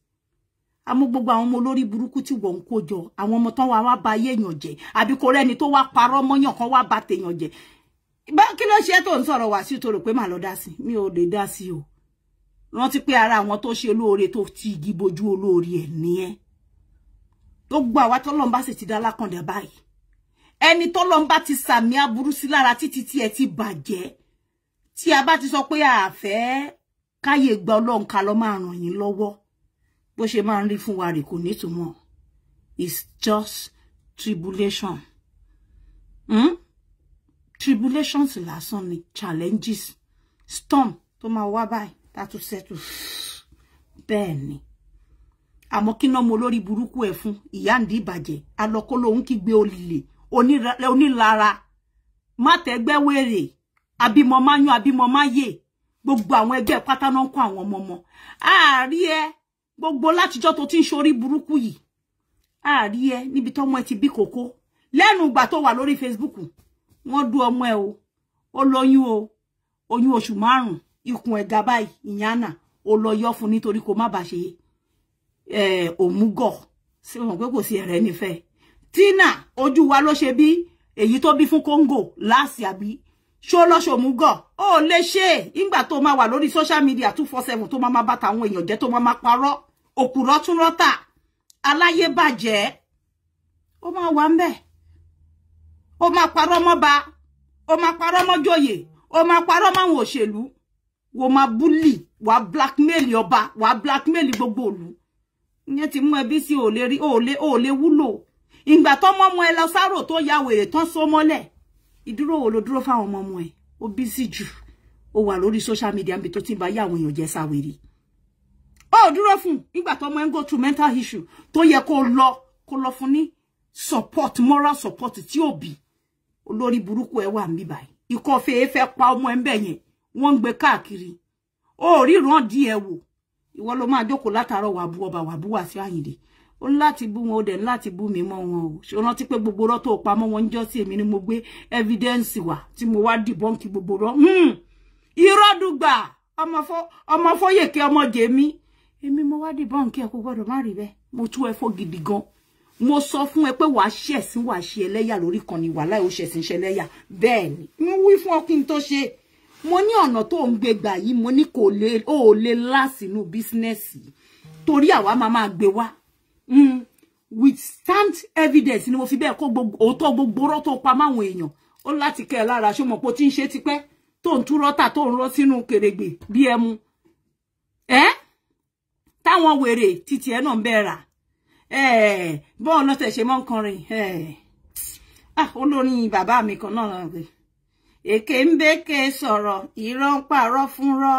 àmọ́ gbogbo àwọn ọmọ olórí burúkú tí wọ́n ń kó jọ àwọn ọmọ tán wá wá ba ayé èèyàn jẹ àbí kò rẹ́ni tó wá parọ́ mọ́yàn kan wá ba tèèyàn jẹ kí ló ṣe tó ń sọ̀rọ̀ wá sí tó rò pé màá lọ dá sí mi ò lè dá sí o rántí pé ara àwọn tó ṣe olóore tó ti igi bojú olóore ẹ̀ nìyẹn tó gba àwa tọ́lọ́n bá sì ti dá lákàndá báyìí ẹni tọ́lọ́n bá ti sàmì aburú sí lára títí tí ẹ ti bàjẹ́ tí a bá ti sọ pé àfẹ́ káyè gba ọlọ́run ká lọ máa ràn yín lọ́wọ́ bó ṣe máa ń rí fún wa rè kò nítumọ̀ it's just tribulation hmm? tribulations lásán ni challenges storm tó máa wá báyìí tátú sẹ́tù bẹ́ẹ̀ ni àmọ́ kí náà mo lórí burúkú ẹ̀ fún ìyá ǹdí ìbàjẹ́ alọ́kó lòun kígbe olè onílara má tẹ́gbẹ́ wèrè àbímọ máa yan àbímọ máa yè gbogbo àwọn ẹgbẹ́ pátá náà ń kó àwọn ọmọ ọmọ àárí ẹ gbogbo látijọ́ tó ti ń ṣorí burúkú yìí àárí ẹ níbi tọ́mọ ẹ ti bí kòkó lẹ́nu ìgbà tó wà lórí Facebook wọ́n dú ọmọ ẹ o ó lóyún o oyún oṣù márùn-ún ikùn ẹ̀ báyìí ìyànà ó lọ yọ fún nítorí kó má bàa ṣe òmùgọ̀ sí wọn pé kò sí ẹ̀rẹ́ nífẹ̀ẹ́ Tina ojú wa ló ṣe bí èyí tó bí fún Congo láàsì àbí ṣó lọ́ṣọ̀mùgọ̀ ó lè ṣe é nígbà tó máa wà lórí social media two four seven tó máa máa bá tàwọn èèyàn jẹ́ tó máa máa parọ́ òpùrọ́ tún rọ́tà aláyé bàjẹ́ ó máa wà ń bẹ̀ ó máa parọ́ mọ́ba ó máa parọ́ mọ́jòyè ó máa parọ́ máwọn òṣèlú wò máa búlì wà blackmail ọba wà blackmail gbogbo òlu ìyẹn ti mú ẹbí sí ò lè rí ò lè ò lè wúlò ìgbà tó mọ́mọ́ ẹ lọ sáró tó ya wèrè tán só mọ́lẹ̀ ìdúró wo ló dúró fáwọn ọmọ ọmọ ẹ ó bí sí jù ó wà lórí social media níbi tó ti ń ba yá àwọn èèyàn jẹ sáwèrè ó dúró fún nígbà tó ọmọ ẹ go through mental issue tó yẹ kó lọ kó lọ fún ní support moral support tí òbí olórí burúkú ẹ wà níbí báyìí ikọ̀ fèé fẹ́ pa ọmọ ẹ ń bẹ̀ yẹn wọ́n ń gbé káàkiri ó ríran di ẹ wò ìwọ ló máa jókòó látàárọ̀ wà bú ọba bu bú wà sí àyìndé ó ní láti bú wọn ó dẹ̀ ní láti bú mi mọ́ wọn o ṣe rántí pé gbogbo rọ́ tó pamọ́ wọn ń jọ́ sí èmi ni mo gbé evidence wà tí mo wá dìbọ́ǹkì gbogbo rọ́ hmm. irọ́ dùgbà ọmọ fọ́yèké ọmọ jèmi èmi mo wá dìbọn nkí ẹ kò gbọ́dọ̀ má rí bẹ́ẹ̀ mo tú ẹ fọ́ gidi gan mo sọ fún ẹ pé wàá ṣe ẹ̀sìn wàá ṣe ẹlẹ́yà lórí kan ni wàhálà ò ṣẹ̀sìn ṣẹlẹ́yà bẹ́ẹ̀ ni n wí fún ọkùnrin tó ṣe mo ní ọ̀nà tó ń gbé gbà yìí mo ní kò lè ó lè lásìnú bísínẹ́sì torí àwa máa máa gbé wá hmm. with stamped evidence ni mo fi bẹ́ẹ̀ kó òótọ́ gbogbo rọ́ tó pa máwọn èèyàn ó láti kẹ́ ẹ lára ṣó mọ̀ pé ó ti ń ṣe tipẹ́ tó ń tú rọ́tà tó ń rọ́ sínú kèrègbè bí ẹmu ẹ́ táwọn wèrè títí ẹ náà ń bẹ́ẹ̀ rà eh, bọ́ọ̀ náà tẹ̀ ṣe mọ́ nkọrin eh. ah, olórin bàbá mi kan náà rẹ̀ èké ń bẹ́ẹ̀kẹ́ sọ̀rọ̀ irọ́ ń parọ́ fúnrọ́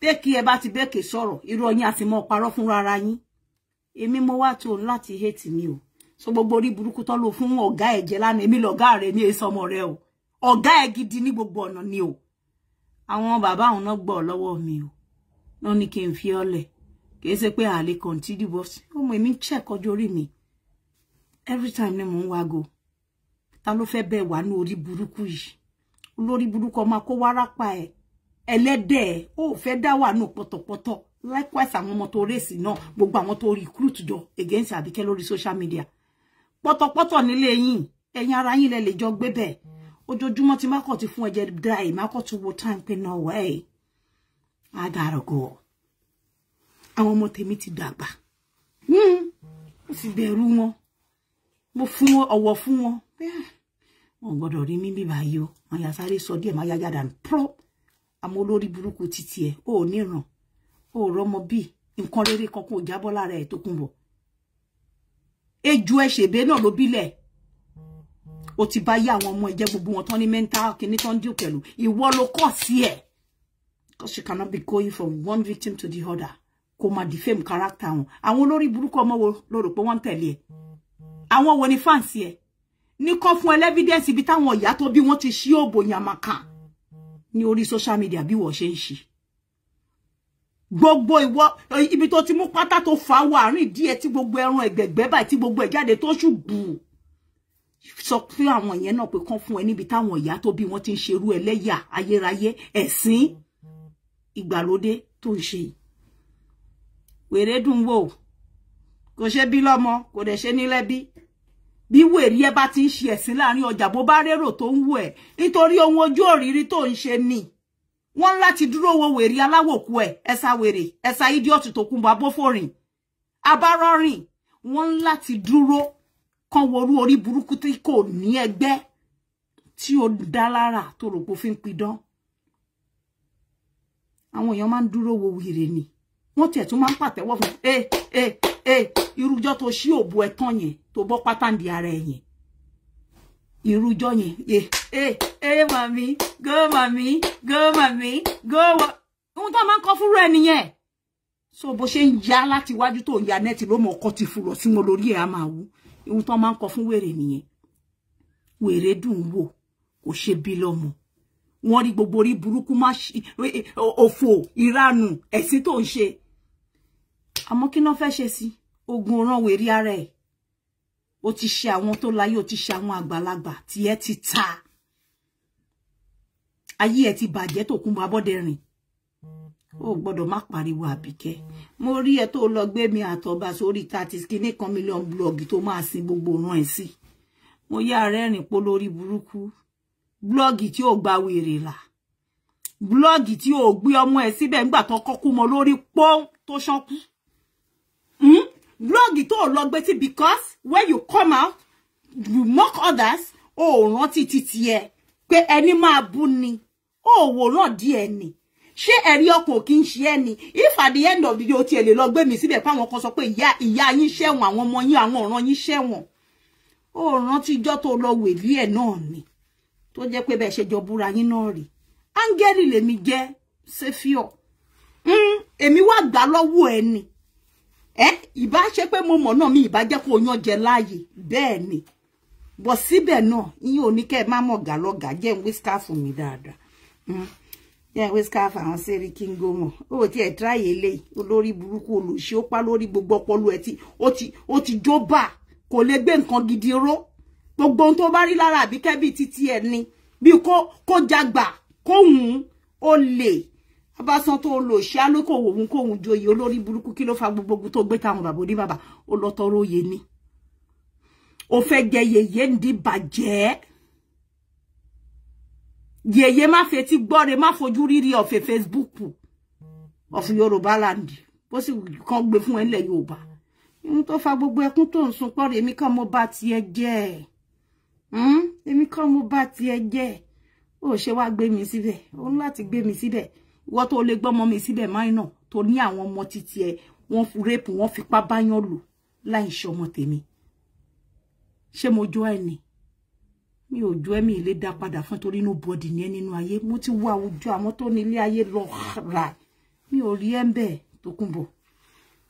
bẹ́ẹ̀kì ẹ bá ti bẹ́ẹ̀kẹ́ sọ̀rọ̀ irọ́ yín àti mọ́ parọ́ fúnra ara yín èmi mo wá tó láti hate mi o so gbogbo orí burúkú tán ló fún ọ̀gá ẹ̀ jẹ́ lánàá èmi lọ̀gá rẹ̀ ní èso ọmọ rẹ o ọ̀gá ẹ̀ gidi ní gbogbo ọ̀nà ni o àwọn bàbá àwọn náà gbọ́ lọ́wọ́ mi o náà ni kí n fi ọ́lẹ̀ kìí ṣe pé àlè continue but ọmọ èmi ń check ọjọ́ orí mi every time ni mò ń wago ta ló fẹ́ bẹ́ẹ̀ wà ní orí burúkú yìí olórí burúkú ọmọ kó wárápá ẹ̀ ẹlẹ́dẹ̀ ẹ̀ ó fẹ́ dá wà nù pọ̀tọ̀pọ̀tọ̀ likewise àwọn ọmọ tó rèsì náà gbogbo àwọn tó recruit jọ against Àbíkẹ́ lórí social media pọ̀tọ̀pọ̀tọ̀ nílé yín ẹ̀yin ara yín lẹ lè jọ gbé bẹ́ẹ̀ ojoojúmọ́ tí má kọ̀ ti fún ẹ̀jẹ̀ dá má kọ̀ tún wo time pé náà wẹ́ẹ̀ I gotta go àwọn ọmọ tèmi ti dàgbà hmm. mo sì bẹ̀rù wọn mo fún wọn ọ̀wọ̀ fún wọn wọn gbọ́dọ̀ rí mi bí báyìí o wọn yà sáré sọ díẹ̀ máa yáyà dànù pọ́ àmọ́ olórí burúkú títí ẹ̀ ò níran ò rọ́mọ bíi nǹkan rere kan kò jábọ́ lára ẹ̀ tó kún bọ̀ ejò ẹ̀ṣẹ̀bẹ náà ló bílẹ̀ o ti bá yé àwọn ọmọ ẹ̀jẹ̀ gbogbo wọn tán ní mental kìíní tán dìú pẹ̀lú ìwọ ló kọ̀ sí ẹ̀ because she cannot be going from one victim to the other kó máa defame character wọn àwọn olórí burúkú ọmọ wo ló rò pé wọ́n ń tẹ̀lé ẹ̀ àwọn wo ni fáǹsì ẹ̀ ní kọ́ fún ẹlẹ́fídẹ́ǹsì ibi táwọn ìyá tó bí wọ́n ti ṣí òbò yàmàkà ní orí social media bí wọ́n ṣe ń ṣe gbogbo ìwọ ibi tó ti mú pátá tó fa wọ àárín díẹ̀ tí gbogbo ẹran ẹgbẹgbẹ báyìí tí gbogbo ẹ jáde tó ṣùgbù sọ fún àwọn yẹn náà pé kán fún ẹ níbi táwọn ìyá tó bí wọ́n ti ń ṣerú ẹlẹ́yà ayérayé ẹ̀sìn ìgbàlódé tó ń ṣe yìí wèrè dùn wò kò ṣe bí lọ́mọ kò dẹ̀ ṣe nílẹ̀ bí bí wèrè ẹ bá ti ń ṣe ẹ̀sìn láàrin ọjà bó bá rérò tó ń wò ẹ̀ ohun ojú òrírí tó ń ni wọ́n láti dúró wo wèrè aláwòkú ẹ̀ esa wèrè ẹ̀sà idiot tó kún bá bófòrìn abárọ́rìn wọ́n láti dúró kan worú orí burúkú tí kò ní ẹgbẹ́ tí ó dá lára tó rò pé ó fi ń pidán àwọn wo wèrè ni wọ́n tiẹ̀ tún máa ń pàtẹ́wọ́ fún ẹ ẹ ẹ irújọ́ tó ṣí òbu ẹ̀tàn yẹn tó bọ́ pátánì ara ẹ̀ yẹn irújọ́ yẹn ẹ ẹ ẹ màmí gó màmí gó màmí gó wà ohun tó máa ń kọ fúnra ẹ nìyẹn so bó ṣe ń ya láti iwájú tó ń ya nẹ́ẹ̀tì ló mọ ọkọ ti furọ̀ sí wọn lórí ẹ̀ á máa wú ohun tó máa ń kọ fún wèrè nìyẹn wèrè dùn wò kò ṣe bí lọ́mọ wọ́n rí gbogbo orí burúkú má eh, eh, òfò ìranù ẹ̀sìn tó ń ṣe àmọ́ kí náà fẹ́ẹ́ ṣe sí ogun ọ̀ràn wèrí ara ẹ̀ ó ti ṣe àwọn tó láyé ó ti ṣe àwọn àgbàlagbà tí ẹ ti ta ayé ẹ ti bàjẹ́ tó kún Abọ́dẹrìn ó gbọ́dọ̀ má pariwo Àbíkẹ́ mo rí ẹ tó lọ gbé mi àtọba sórí thirty kìíní kan mílíọ̀nù blọọgì tó máa sin gbogbo ràn ẹ sí mo yá rẹ́rìn pó lórí burúkú blọọgì tí ò gba wèrè là blọọgì tí ò gbé ọmọ ẹ síbẹ̀ ńgbà tó kọ́kú mọ lórí pọ́n tó ṣánkú Log it lọ log tí because when you come out you mock others o rántí títí ẹ pé ẹni máa bú ni o wòran díẹ̀ ni ṣé ẹ̀rí ọkàn kì í ṣe ẹni if at the end of the day o tiẹ̀ lè log gbé mi síbẹ̀ fáwọn kan sọ pé ìyá ìyá yín ṣẹ̀wọ̀n àwọn ọmọ yín àwọn ọ̀ràn yín ṣẹ̀wọ̀n o rántí ijọ́ tó lọ wèlí ẹ̀ náà ni tó jẹ́ pé bẹ́ẹ̀ ṣe jọ búra yín náà rè áńgẹ́rì lèmi jẹ́ ṣéfíọ̀ hmm, èmi wà gbà lọ́wọ́ ẹni ẹ ìbá ṣe pé mo mọ̀ náà mi ìbá jẹ́ kó yan jẹ láàyè bẹ́ẹ̀ ni bọ̀ síbẹ̀ náà ìyẹn ò ní kẹ́ ẹ má mọ̀ gà lọ́gà jẹ́ ń wí skáfù mi dáadáa hmm. jẹ́ ń wí skáfù àwọn sẹ́rí kí n gómọ̀ ó ti ẹ̀ tíráyè eléyìí olórí burúkú olùṣe ó pa lórí gbogbo ọpọlọ ẹ tí ó ti jó bà kò lè gbé nǹkan gidi ró gbogbo ohun tó bá rí lára àbíkẹ́ bíi títí ẹ ni bíi kó jágbà kó ó lè. Ọbásan tó lọ ṣe alókòwò òun kóhun joyè olórí burúkú kí ló fa gbogbo ogun tó gbé táwọn bàbá oní bàbá ó lọ tọrọ oyè ni ó fẹ́ jẹ yèyé ń di bàjẹ́ yèyé má fetí gbọ́re má fojú rírí ọ̀fẹ́ Facebook of Yorùbá land bó sì kàn gbé fún ẹlẹ́ Yorùbá ohun tó fa gbogbo ẹkún tó ń sun pọ́nrẹ́ èmi kàn mo bá tiẹ̀ jẹ́ hmm? èmi kàn mo bá tiẹ̀ jẹ́ ó ṣe wá gbé mi síbẹ̀ ó ń láti gbé mi síbẹ̀ ìwọ tó lè gbọ́mọ mi síbẹ̀ minor tó ní àwọn ọmọ títí ẹ wọ́n fu rape wọ́n fipá báyàn lò láì ṣe ọmọ tèmi ṣé mo jọ ẹ ni mi ò jọ ẹ mi lè dá padà fún torí nobody ni ẹ nínú ayé mo ti wo àwùjọ àwọn tó ní ilé ayé lọ rà mi ò rí ẹ ń bẹ Tókunbọ̀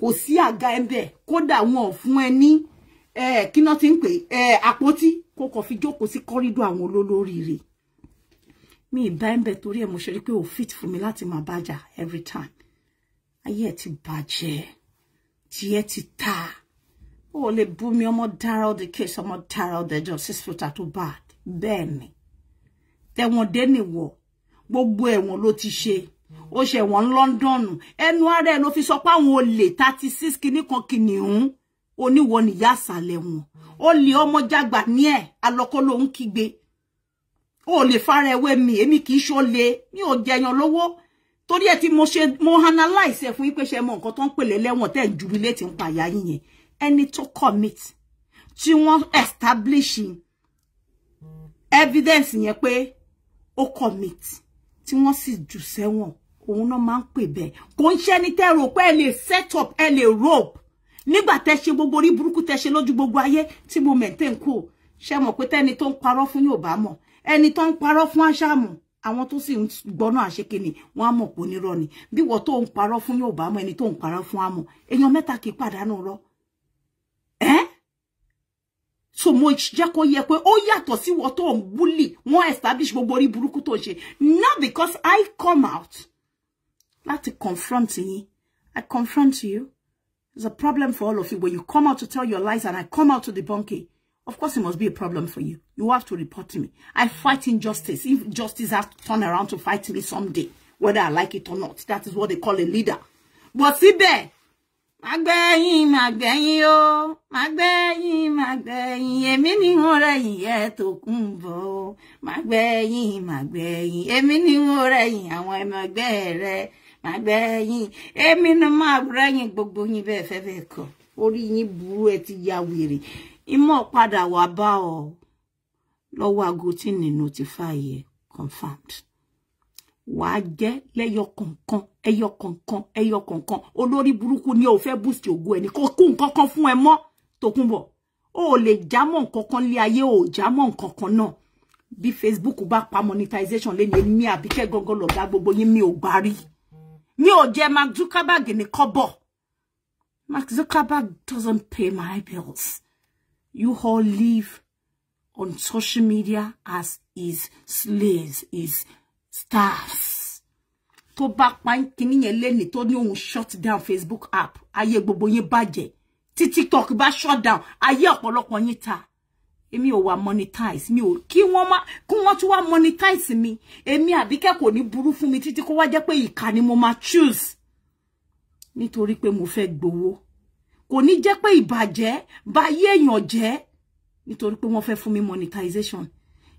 kò sí àga ẹ ń bẹ kódà wọn ò fún ẹ ní kíná ti ń pè àpótí kó kàn fi jókòó sí kọ́rídọ̀ àwọn olólóríire mi ìbá ẹ̀ ń bẹ̀ mo ṣe rí pé ò fit fún mi láti máa bájà every time ayé ẹ̀ ti bàjẹ́ tiẹ̀ ti ta ó lè bú mi ọmọ dára ọdẹ kéésì ọmọ dára ọdẹ jọ six foot àtó bad bẹ́ẹ̀ ni tẹ̀wọ̀n dé nìwọ̀ gbogbo ẹ̀wọ̀n ló ti ṣe ó ṣe ẹ̀wọ̀n London ẹnu ara ẹ̀ ló fi sọ pé àwọn olè thirty six kìíní kan kìnìún oníwọ̀ nìyá àsàlẹ̀ wọn ó lè ọmọ jágbà ní ẹ̀ alọ́kọ́ lòún kígbe o lè fara ẹwẹ́ mi èmi ki í le mi ò jẹyàn lówó torí ẹ tí mo ṣe mo analyse ẹ fún yín pé ṣe mọ nǹkan tó ń pèlè lẹ́wọ̀n tẹ́ ń jubi létí ń pa ìyá yín yẹn ẹni tó commit tí wọ́n establish evidence yẹn pé ó commit tí wọ́n sì jù sẹ́wọ̀n òun náà máa ń pè bẹ́ẹ̀ kò ń ṣẹ́ni tẹ́ rò pé ẹ lè set up ẹ lè rope nígbà tẹ́ ṣe gbogbo orí burúkú tẹ́ ṣe lójú gbogbo ayé tí mo maintain kù ṣe mọ̀ pé tẹ́ni tó ń parọ́ fún yóò bá mọ̀ ẹni tó ń parọ́ fún àṣàmù àwọn tó sì ń gbọ́nà àṣekè ni wọ́n á mọ̀ pé onírọ́ ni bí wọ́n tó ń parọ́ fún yóò bá mọ ẹni tó ń parọ́ fún àmọ̀ èèyàn mẹ́ta kì í pàdánù rọ́ ẹ́ so mo jẹ́ kó yẹ pé ó yàtọ̀ sí wọ́n tó ń búlì wọ́n establish gbogbo orí burúkú tó ń ṣe not because I come out láti confront yín I confront you it's a problem for all of you when you come out to tell your lies and I come out to debunk it Of course, it must be a problem for you. You have to report to me. I fight injustice. If justice has to turn around to fight me someday, whether I like it or not, that is what they call a leader. But síbẹ̀, máa gbẹ̀yìn, máa gbẹ̀yìn o, máa gbẹ̀yìn, máa gbẹ̀yìn, èmi ni wọ́n rẹ̀yìn ẹ̀ tó kún bọ̀ o, máa gbẹ̀yìn, máa gbẹ̀yìn, èmi ni wọ́n rẹ̀yìn àwọn ẹ̀mọ̀gbẹ́ rẹ̀, máa gbẹ̀yìn, ni máa rẹ̀yìn gbogbo yín bẹ́ẹ̀ fẹ́ bẹ́ẹ̀ kọ̀, orí yín burú ẹ ti ya wèrè ìmọ̀ padà wá bá ọ lọ́wọ́ aago tí ní notify yẹ confirmed wà á jẹ́ lẹ́yọ kọ̀ọ̀kan ẹyọ kọ̀ọ̀kan ẹyọ kọ̀ọ̀kan olórí burúkú ni o fẹ́ boost ògo ẹni kò kú nǹkan kan fún ẹ mọ́ Tókunbọ̀ o lè jámọ́ nǹkan lé ayé o jámọ́ nǹkan kan náà bí Facebook bá pa monetization lé ní èmi Àbíkẹ́ gọ́gọ́ lọ̀gá gbogbo yín mi ò gbà rí mi ò jẹ́ Mark Zuckerberg ní kọ́bọ̀ Mark Zuckerberg doesn't pay my bills you all live on social media as is slaves, is stars. Tó back pa kíní yẹn lẹ́ni to ní òun shut down Facebook app, ayé gbogbo yín bàjẹ́. Tí TikTok ba shut down, ayé ọ̀pọ̀lọpọ̀ yín ta. Emi ò wá monetize, mi o. kí wọ́n má kí wọ́n tún monetize mi. Emi Àbíkẹ́ kò ní burú fún mi títí kó wá jẹ́ mo máa choose. Nítorí pé mo fẹ́ gbowó kò ní jẹ́ pé ìbàjẹ́ bá yé èèyàn jẹ́ nítorí pé wọ́n fẹ́ fún mi monetization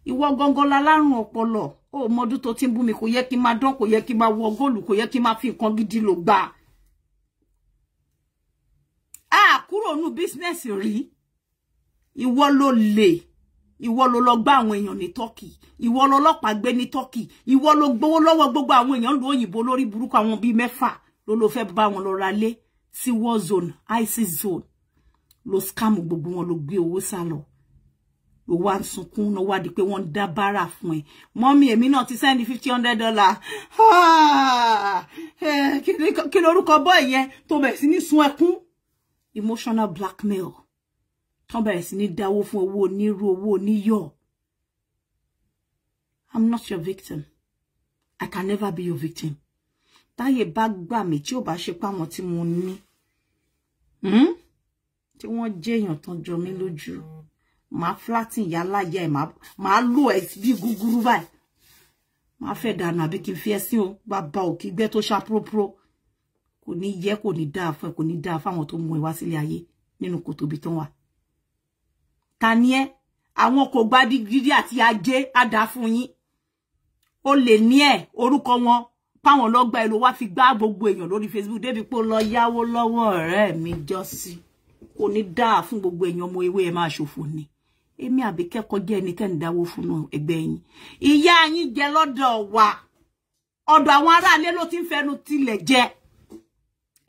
ìwọ gangan lálárùn ọpọlọ ó mọdún tó ti ń bú mi kò yẹ kí n máa dán kò yẹ kí n máa wọ góòlù kò yẹ kí n máa fi nǹkan gidi lò gbà á kúrò nù bísínẹ́sì rí ìwọ ló lè ìwọ ló lọ gbá àwọn èèyàn ní tọ́kì ìwọ ló gbé ní tọ́kì ìwọ ló gbowó lọ́wọ́ gbogbo àwọn èèyàn lu òyìnbó lórí burúkú àwọn bíi mẹ́fà ló ló fẹ́ bá wọn lọ ra lé sí war zone ISIS zone ló scam gbogbo wọn ló gbé owó sá lọ ló wá ń sunkún náà wá di pé wọ́n ń dá bárà fún ẹ mọ́mí èmi náà ti sẹ́ni fifty hundred dollar ah! eh, kí lorúkọ bọ́ ìyẹn tó bẹ̀rẹ̀ sí ní sun ẹkún emotional blackmail tó bẹ̀rẹ̀ sí ní dáwó fún owó onírú owó oníyọ̀ I'm not your victim I can never be your victim táyè bá gbà mí tí ò bá ṣe páwọn tí mo ní hmm? tí wọ́n jẹ́èyàn tán jọ mí lójú màá flatten ìyá láyà ẹ̀ màá lò ẹ̀ bí gúgúrú báyìí màá fẹ́ dànù àbí kí n fi ẹsìn o bàbá ò kí gbẹ́ tó ṣàprópró kò ní yẹ kò ní dáa fún ẹ kò ní dáa fáwọn tó mú ẹ wá sílé ayé nínú kòtò ibi tán wà ta ni ẹ àwọn kò gbá gidi àti ajé á dáa fún yín o lè ní ẹ orúkọ wọn páwọn lọ́gbà ẹ ló wá fi gbá gbogbo èèyàn lórí Facebook débi pé ó lọ yáwó lọ́wọ́ ọ̀rẹ́ mi jọ́sí kò ní dáa fún gbogbo èèyàn ọmọ ewé ẹ máa ṣòfò ni èmi àbí kẹ́kọ̀ọ́ jẹ́ ẹni tẹ́ ń dáwó fún ẹgbẹ́ yín ìyá yín jẹ lọ́dọ̀ wa ọ̀dọ̀ àwọn aráalé ló ti ń fẹnu tilẹ̀ jẹ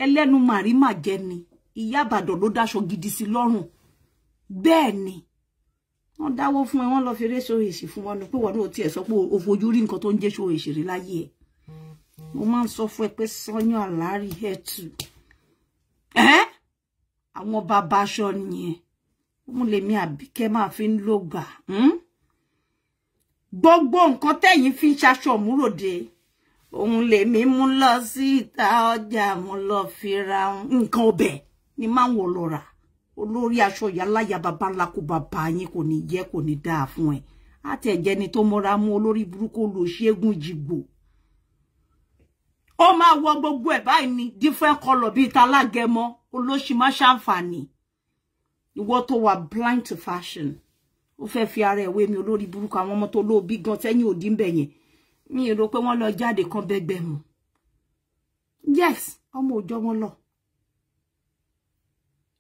ẹlẹ́nu màrímà jẹ ni ìyá àbàdàn ló dáṣọ gidi sí lọ́rùn bẹ́ẹ̀ ni wọ́n dáwó fún ẹ wọ́n lọ fi eré ṣòhèṣì fún wọn ni pé wọn náà tiẹ̀ sọ pé o fojú rí nǹkan tó ń jẹ́ ṣòhèṣì rí láyé ẹ̀ mo máa ń sọ fún ẹ pé Sanyo Alárì hair too àwọn bàbá aṣọ nìyẹn mo lè mi Àbíkẹ́ máa fi ń lògbà hmm? gbogbo nǹkan tẹ́yìn fi ń ṣaṣọ òmúròde òun lèmi mú lọ sí ìta ọjà mo lọ fi ra nǹkan ọbẹ̀ ni máa ń wọ̀ lọ rà olórí aṣọ ìyáláyà bàbá ńlá kó bàbá yín kò ní yẹ kò ní dáa fún ẹ àtẹ̀jẹni tó mọra mú olórí burúkú olùṣègùn jìgbò ó máa wọ gbogbo ẹ̀ báyìí ni different color bíi talágẹmọ olóṣì má ṣàǹfààní ìwọ tó wà blind to fashion ó fẹ́ fi ara ẹ̀ wé mi olórí burúkú àwọn ọmọ tó lóòbí gan tẹ́yìn òdì ń bẹ̀ yẹn mi ò rò pé wọ́n lọ kan bẹ́gbẹ́ mu yes ọmọ òjọ́ wọn lọ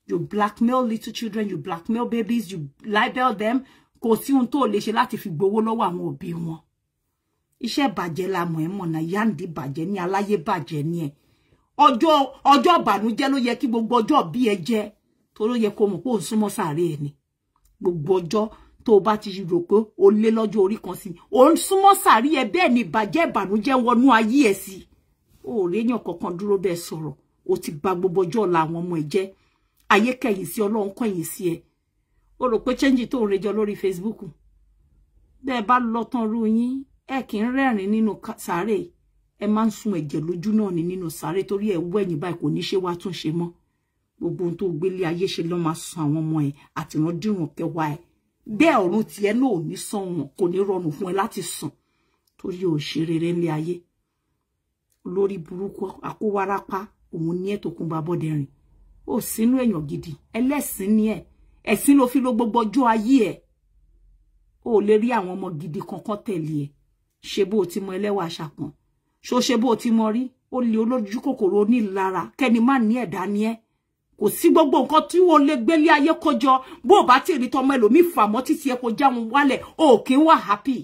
you blackmail little children you blackmail babies you libel them kò sí ohun tó lè ṣe láti fi gbowó lọ́wọ́ àwọn òbí wọn iṣẹ́ ìbàjẹ́ la mọ̀ ẹ́ mọ̀ náà yáǹdí bàjẹ́ ní aláyé bàjẹ́ ní ẹ̀ ọjọ́ ọjọ́ ìbànújẹ́ ló yẹ kí gbogbo ọjọ́ bí ẹ jẹ́ tó ló yẹ kó mọ̀ pé ò súnmọ́ sàárè ẹ̀ ni gbogbo ọjọ́ tó o bá ti rò pé o lé lọ́jọ́ orí kan sí ò ń súnmọ́ sàárè ẹ bẹ́ẹ̀ ni ìbàjẹ́ ìbànújẹ́ wọnú ayé ẹ̀ sí o ò réyàn kankan dúró bẹ́ẹ̀ sọ̀rọ̀ o ti gba gbogbo ọjọ́ ọ̀la àwọn ọmọ ẹ̀ jẹ́ ayé kẹ̀yìn sí ọlọ́run kẹ̀yìn sí ẹ o rò pé chẹ́ńjì tó ń rejọ lórí Facebook bẹ́ẹ̀ bá lọ tán rú yín ẹ kì í rẹ́rìn nínú sáré ẹ máa ń sun ẹ̀jẹ̀ lójú náà ní nínú sáré torí ẹ wẹ̀yìn báyìí kò ní ṣe wá tún ṣe mọ́ gbogbo ohun tó gbélé ayé ṣe lọ́ máa sun àwọn ọmọ ẹ àtìrandíran kẹwàá ẹ bẹ́ẹ̀ ọ̀run tiẹ̀ náà ò ní sàn wọn kò ní rọrùn fún ẹ láti sàn torí ò ṣe rere ńlé ayé lórí burúkú àkówárápá òun ní ẹ tó kún Babọ́dẹrìn ò sínú èèyàn gidi ẹlẹ́sìn ni ẹ ẹ̀sìn ló fi lo gbogbo ọjọ́ ayé ẹ ò lè rí àwọn ọmọ gidi kankan tẹ̀lé ẹ ṣe bó ti mọ ẹlẹ́wà ṣàpọ̀n ṣó ṣe bó ti mọ rí ó lè olójú kòkòrò onílara kẹ́ni má ní ẹ̀dá ni ẹ́ kò sí gbogbo nǹkan tí wọ́n lè gbélé ayé kójọ bó bá ti rí tọmọ ẹlòmíì fàmọ́ títí ẹ kó jáwọn wálẹ̀ o kì í happy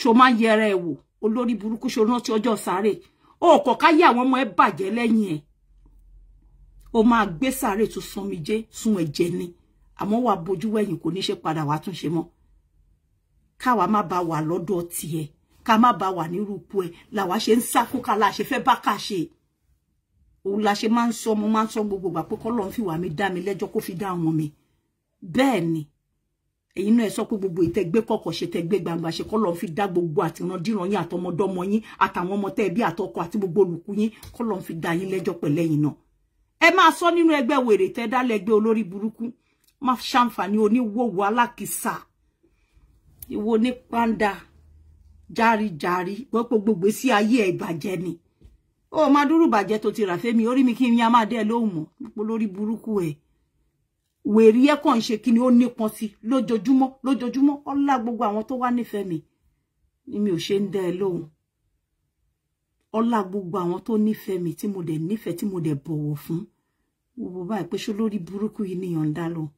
ṣó máa ń yẹra ẹ wò olórí burúkú ṣó rántí ọjọ́ sáré o kò káyé àwọn ọmọ ẹ bàjẹ́ lẹ́yìn ẹ̀ o máa tu sáré tó sanmijé sun ẹ̀jẹ̀ ni àmọ́ wàá bojú wẹ̀yìn kò ní ṣe padà wàá tún ṣe mọ́ káwa má ba wà lọ́dọ̀ tiẹ̀ ká má ba wà nírúpọ ẹ làwa ṣe ń sákúkà la ṣe fẹ́ bá kà ṣe òun la ṣe máa ń sọ mo máa ń sọ gbogbo ìgbà pé kọ́lọ́run fìwà mi dá mi lẹ́jọ́ kó fi dá àwọn mi bẹ́ẹ̀ ni èyí náà ẹ sọ pé gbogbo ìtẹgbẹ́ kọ̀kọ̀ ṣe tẹgbẹ́ gbangba ṣe kọ́lọ́run fi dá gbogbo àtìrandíran yín àtọmọdọ́mọ yín àtàwọn ọmọ tẹ́ bí àtọkọ àti gbogbo olùkú yín kọ́lọ́run fi dá yín lẹ́jọ́ pẹ̀lẹ́ yín náà ẹ máa sọ nínú ẹgbẹ́ wèrè tẹ́ dálẹ́gbẹ́ olórí burúkú má ṣàǹfààní oníwòwò alákìsà ìwo ní pàǹdà járijàri gbogbo gbèsè ayé ẹ̀ ìbàjẹ́ ni ó máa dúró ìbàjẹ́ tó ti rà fẹ́mi orí mi kí n yá máa dẹ́ lóhùn mọ́ pípọ́ lórí burúkú ẹ̀ wèrí ẹ̀ kàn ń ṣe kí ni ó nípọn sí lójoojúmọ́ lójoojúmọ́ ọlá gbogbo àwọn tó wá nífẹ̀ẹ́ mi ni mi ò ṣe ń dẹ́ ẹ lóhùn ọlá gbogbo àwọn tó nífẹ̀ẹ́ mi tí mo dẹ̀ nífẹ̀ẹ́ tí mo dẹ̀ bọ̀wọ̀ fún gbogbo báyìí pé ṣó lórí burúkú yìí nìyàn ń dá lóhùn